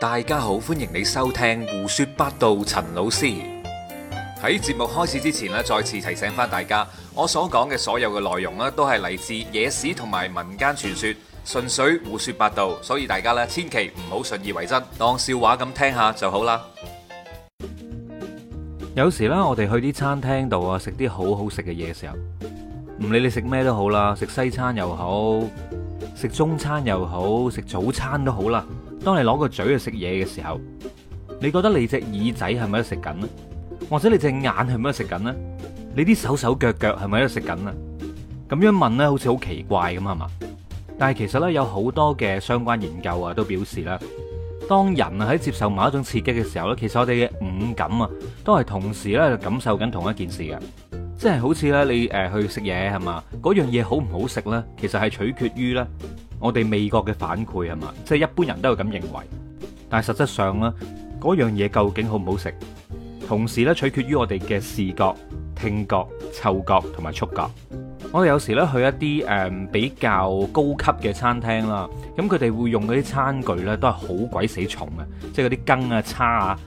大家好，歡迎你收聽胡說八道。陳老師喺節目開始之前咧，再次提醒翻大家，我所講嘅所有嘅內容咧，都係嚟自野史同埋民間傳說，純粹胡說八道，所以大家咧千祈唔好信以為真，當笑話咁聽下就好啦。有時咧，我哋去啲餐廳度啊，食啲好好食嘅嘢嘅時候，唔理你食咩都好啦，食西餐又好，食中餐又好，食早餐都好啦。當你攞個嘴去食嘢嘅時候，你覺得你隻耳仔係咪喺度食緊咧？或者你隻眼係咪喺度食緊咧？你啲手手腳腳係咪喺度食緊咧？咁樣問咧，好似好奇怪咁係嘛？但係其實呢，有好多嘅相關研究啊，都表示咧，當人啊喺接受某一種刺激嘅時候呢，其實我哋嘅五感啊，都係同時呢，就感受緊同一件事嘅，即係好似呢，你誒去食嘢係嘛？嗰樣嘢好唔好食呢？其實係取決於呢。我哋味覺嘅反饋係嘛，即係一般人都會咁認為，但係實質上咧，嗰樣嘢究竟好唔好食，同時咧取決於我哋嘅視覺、聽覺、嗅覺同埋觸覺。我哋有時咧去一啲誒、嗯、比較高級嘅餐廳啦，咁佢哋會用嗰啲餐具咧都係好鬼死重嘅，即係嗰啲羹啊叉啊，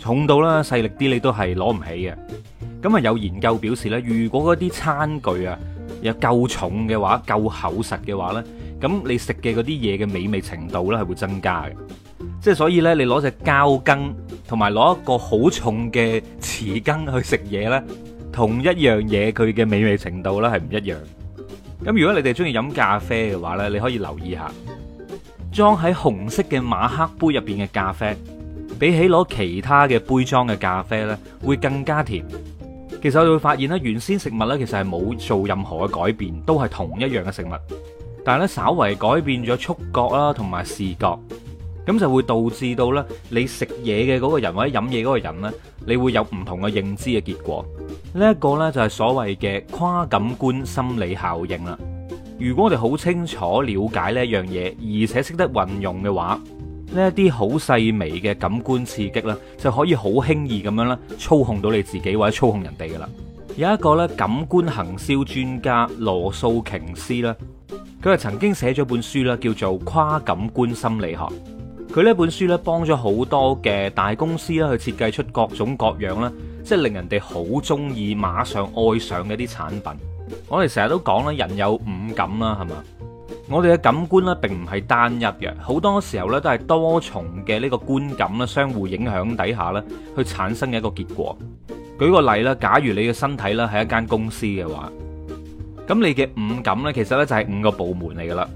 重到咧細力啲你都係攞唔起嘅。咁啊有研究表示咧，如果嗰啲餐具啊，有夠重嘅話，夠厚實嘅話呢，咁你食嘅嗰啲嘢嘅美味程度呢係會增加嘅。即係所以呢，你攞隻膠羹同埋攞一個好重嘅匙羹去食嘢呢，同一樣嘢佢嘅美味程度呢係唔一樣。咁如果你哋中意飲咖啡嘅話呢，你可以留意下，裝喺紅色嘅馬克杯入邊嘅咖啡，比起攞其他嘅杯裝嘅咖啡呢，會更加甜。其實你會發現咧，原先食物咧其實係冇做任何嘅改變，都係同一樣嘅食物。但係咧，稍為改變咗觸覺啦，同埋視覺，咁就會導致到咧你食嘢嘅嗰個人或者飲嘢嗰個人咧，你會有唔同嘅認知嘅結果。呢一個咧就係所謂嘅跨感官心理效應啦。如果我哋好清楚了解呢一樣嘢，而且識得運用嘅話。呢一啲好細微嘅感官刺激呢，就可以好輕易咁樣咧操控到你自己或者操控人哋噶啦。有一個呢感官行銷專家羅素瓊斯呢，佢係曾經寫咗本書咧，叫做《跨感官心理學》。佢呢本書呢，幫咗好多嘅大公司咧去設計出各種各樣咧，即係令人哋好中意、馬上愛上嘅啲產品。我哋成日都講啦，人有五感啦，係嘛？我哋嘅感官呢，並唔係單一嘅，好多時候呢，都係多重嘅呢個觀感啦，相互影響底下呢，去產生嘅一個結果。舉個例啦，假如你嘅身體呢，係一間公司嘅話，咁你嘅五感呢，其實呢，就係五個部門嚟噶啦。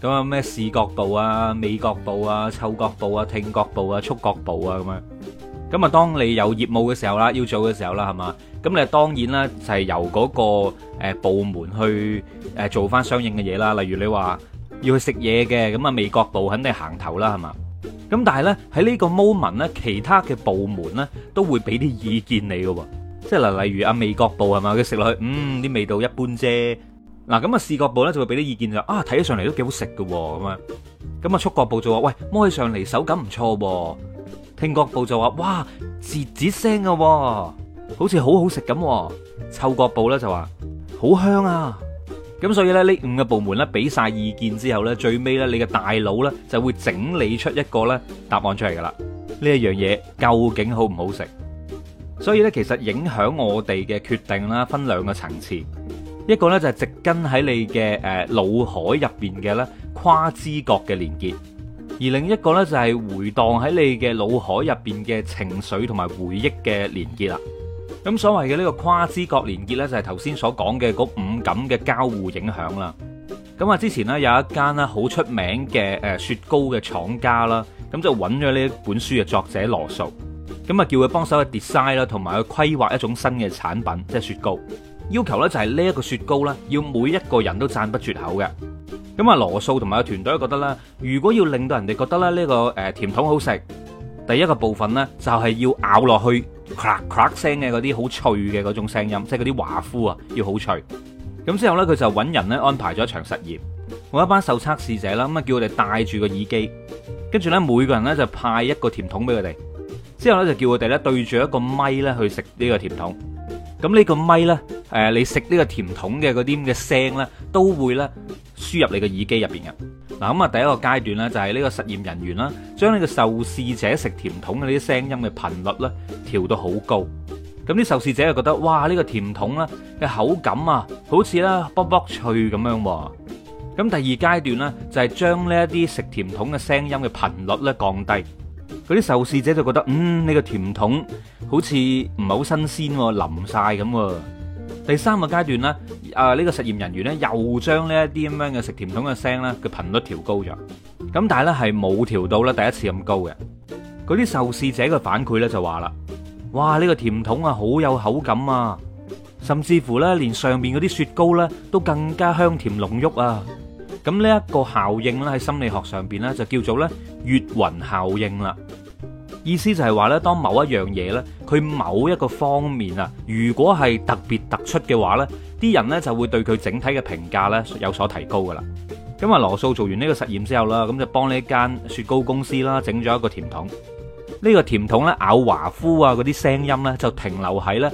咁啊咩視覺部啊、味覺部啊、嗅覺部啊、聽覺部啊、觸覺部啊咁樣。咁啊，當你有業務嘅時候啦，要做嘅時候啦，係嘛？咁你當然啦，就係由嗰個誒部門去誒做返相應嘅嘢啦。例如你話要去食嘢嘅，咁啊味覺部肯定行頭啦，係嘛？咁但係咧，喺呢個 moment 咧，其他嘅部門咧都會俾啲意見你嘅喎。即係嗱，例如阿味覺部係嘛，佢食落去，嗯，啲味道一般啫。嗱，咁啊視覺部咧就會俾啲意見就啊，睇起上嚟都幾好食嘅喎。咁啊，咁啊觸覺部就話，喂，摸起上嚟手感唔錯喎。聽覺部就話，哇，節節聲嘅喎。好似好好食咁，臭角部咧就話好香啊！咁所以咧呢五個部門呢俾晒意見之後呢，最尾呢，你嘅大佬呢就會整理出一個呢答案出嚟噶啦。呢一樣嘢究竟好唔好食？所以呢，其實影響我哋嘅決定啦，分兩個層次，一個呢，就係、是、植根喺你嘅誒腦海入邊嘅呢跨知覺嘅連結，而另一個呢，就係、是、回盪喺你嘅腦海入邊嘅情緒同埋回憶嘅連結啦。咁所謂嘅呢個跨知覺連結呢，就係頭先所講嘅嗰五感嘅交互影響啦。咁啊，之前呢，有一間啦好出名嘅誒雪糕嘅廠家啦，咁就揾咗呢本書嘅作者羅素，咁啊叫佢幫手去 design 啦，同埋去規劃一種新嘅產品，即係雪糕。要求呢就係呢一個雪糕呢，要每一個人都讚不絕口嘅。咁啊，羅素同埋個團隊覺得呢，如果要令到人哋覺得咧呢個誒甜筒好食，第一個部分呢，就係要咬落去。crack crack 聲嘅嗰啲好脆嘅嗰種聲音，即係嗰啲華夫啊，要好脆。咁之後咧，佢就揾人咧安排咗一場實驗，我一班受測試者啦，咁啊叫我哋戴住個耳機，跟住咧每個人咧就派一個甜筒俾佢哋，之後咧就叫佢哋咧對住一個咪咧去食呢個甜筒，咁呢個咪咧，誒你食呢個甜筒嘅嗰啲咁嘅聲咧，都會咧輸入你個耳機入邊嘅。嗱咁啊，第一個階段咧就係、是、呢個實驗人員啦，將呢個受試者食甜筒嘅呢啲聲音嘅頻率咧調到好高，咁啲受試者就覺得哇，呢、這個甜筒咧嘅口感啊，好似咧卜卜脆咁樣喎。咁第二階段咧就係將呢一啲食甜筒嘅聲音嘅頻率咧降低，嗰啲受試者就覺得嗯呢、這個甜筒好似唔係好新鮮喎，腍晒咁喎。第三個階段咧。啊！呢個實驗人員咧，又將呢一啲咁樣嘅食甜筒嘅聲咧，嘅頻率調高咗。咁但係咧，係冇調到咧第一次咁高嘅。嗰啲受試者嘅反饋咧就話啦，哇！呢個甜筒啊，好有口感啊！甚至乎咧，連上面嗰啲雪糕咧，都更加香甜濃郁啊！咁呢一個效應咧，喺心理學上邊咧，就叫做咧越雲效應啦。意思就係話咧，當某一樣嘢咧，佢某一個方面啊，如果係特別突出嘅話咧，啲人咧就會對佢整體嘅評價咧有所提高噶啦。咁啊，羅素做完呢個實驗之後啦，咁就幫呢間雪糕公司啦整咗一個甜筒。呢個甜筒咧咬華夫啊嗰啲聲音呢，就停留喺咧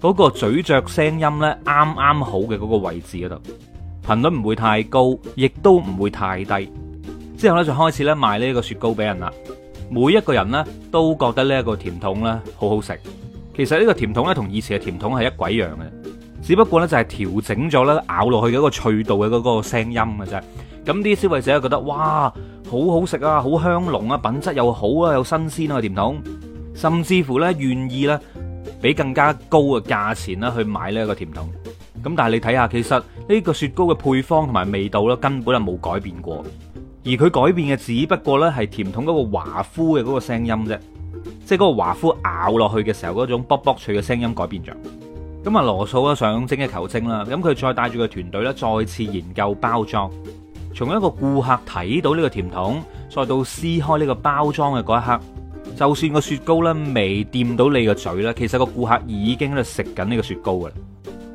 嗰個咀嚼聲音咧啱啱好嘅嗰個位置嗰度，頻率唔會太高，亦都唔會太低。之後呢，就開始咧賣呢個雪糕俾人啦。每一個人呢，都覺得呢一個甜筒呢好好食，其實呢個甜筒呢，同以前嘅甜筒係一鬼一樣嘅，只不過呢，就係調整咗呢咬落去嘅一個脆度嘅嗰個聲音嘅啫。咁啲消費者覺得哇，好好食啊，好香濃啊，品質又好啊，又新鮮啊甜筒，甚至乎呢，願意呢俾更加高嘅價錢呢去買呢一個甜筒。咁但係你睇下，其實呢個雪糕嘅配方同埋味道呢，根本就冇改變過。而佢改變嘅，只不過咧係甜筒嗰個華夫嘅嗰個聲音啫，即係嗰個華夫咬落去嘅時候嗰種卜卜脆嘅聲音改變咗。咁啊，羅素啊想精益求精啦，咁佢再帶住個團隊呢，再次研究包裝，從一個顧客睇到呢個甜筒，再到撕開呢個包裝嘅嗰一刻，就算個雪糕咧未掂到你個嘴咧，其實個顧客已經喺度食緊呢個雪糕㗎。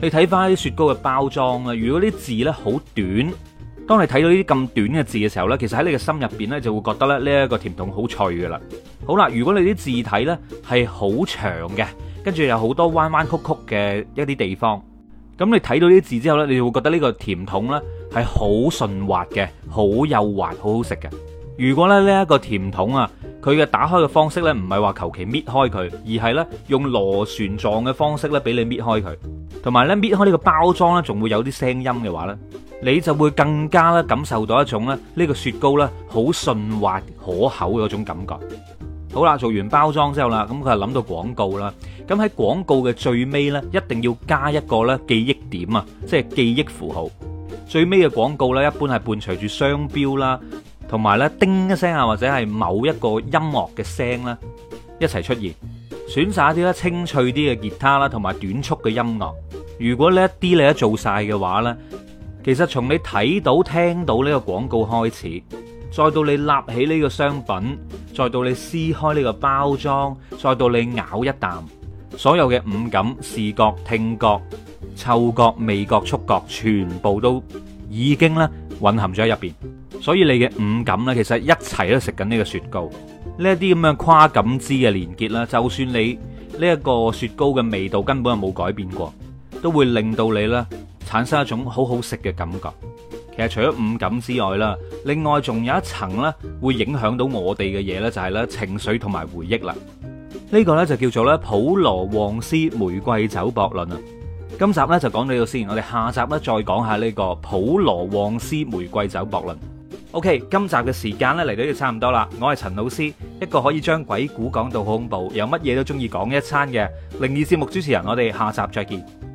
你睇翻啲雪糕嘅包裝啊，如果啲字呢好短。當你睇到呢啲咁短嘅字嘅時候呢，其實喺你嘅心入邊呢就會覺得咧呢一個甜筒好脆㗎啦。好啦，如果你啲字體呢係好長嘅，跟住有好多彎彎曲曲嘅一啲地方，咁你睇到呢啲字之後呢，你就會覺得呢個甜筒呢係好順滑嘅，好幼滑，好好食嘅。如果咧呢一個甜筒啊～佢嘅打開嘅方式咧，唔係話求其搣開佢，而係咧用螺旋狀嘅方式咧，俾你搣開佢。同埋咧搣開呢個包裝咧，仲會有啲聲音嘅話咧，你就會更加咧感受到一種咧呢個雪糕咧好順滑可口嗰種感覺。好啦，做完包裝之後啦，咁佢就諗到廣告啦。咁喺廣告嘅最尾咧，一定要加一個咧記憶點啊，即係記憶符號。最尾嘅廣告咧，一般係伴隨住商標啦。.同埋咧，叮一聲啊，或者係某一個音樂嘅聲咧，一齊出現，選擇一啲咧清脆啲嘅吉他啦，同埋短促嘅音樂。如果呢一啲你一做晒嘅話呢，其實從你睇到聽到呢個廣告開始，再到你立起呢個商品，再到你撕開呢個包裝，再到你咬一啖，所有嘅五感——視覺、聽覺、嗅覺、味覺、觸覺——全部都已經呢混合咗喺入邊。所以你嘅五感咧，其實一齊都食緊呢個雪糕，呢一啲咁樣跨感知嘅連結啦，就算你呢一個雪糕嘅味道根本係冇改變過，都會令到你咧產生一種好好食嘅感覺。其實除咗五感之外啦，另外仲有一層咧，會影響到我哋嘅嘢咧，就係咧情緒同埋回憶啦。呢個咧就叫做咧普羅旺斯玫瑰酒悖論啊。今集咧就講到呢度先，我哋下集咧再講下呢個普羅旺斯玫瑰酒悖論。O.K. 今集嘅時間呢嚟，到就差唔多啦，我係陳老師，一個可以將鬼故講到好恐怖，又乜嘢都中意講一餐嘅靈異節目主持人，我哋下集再見。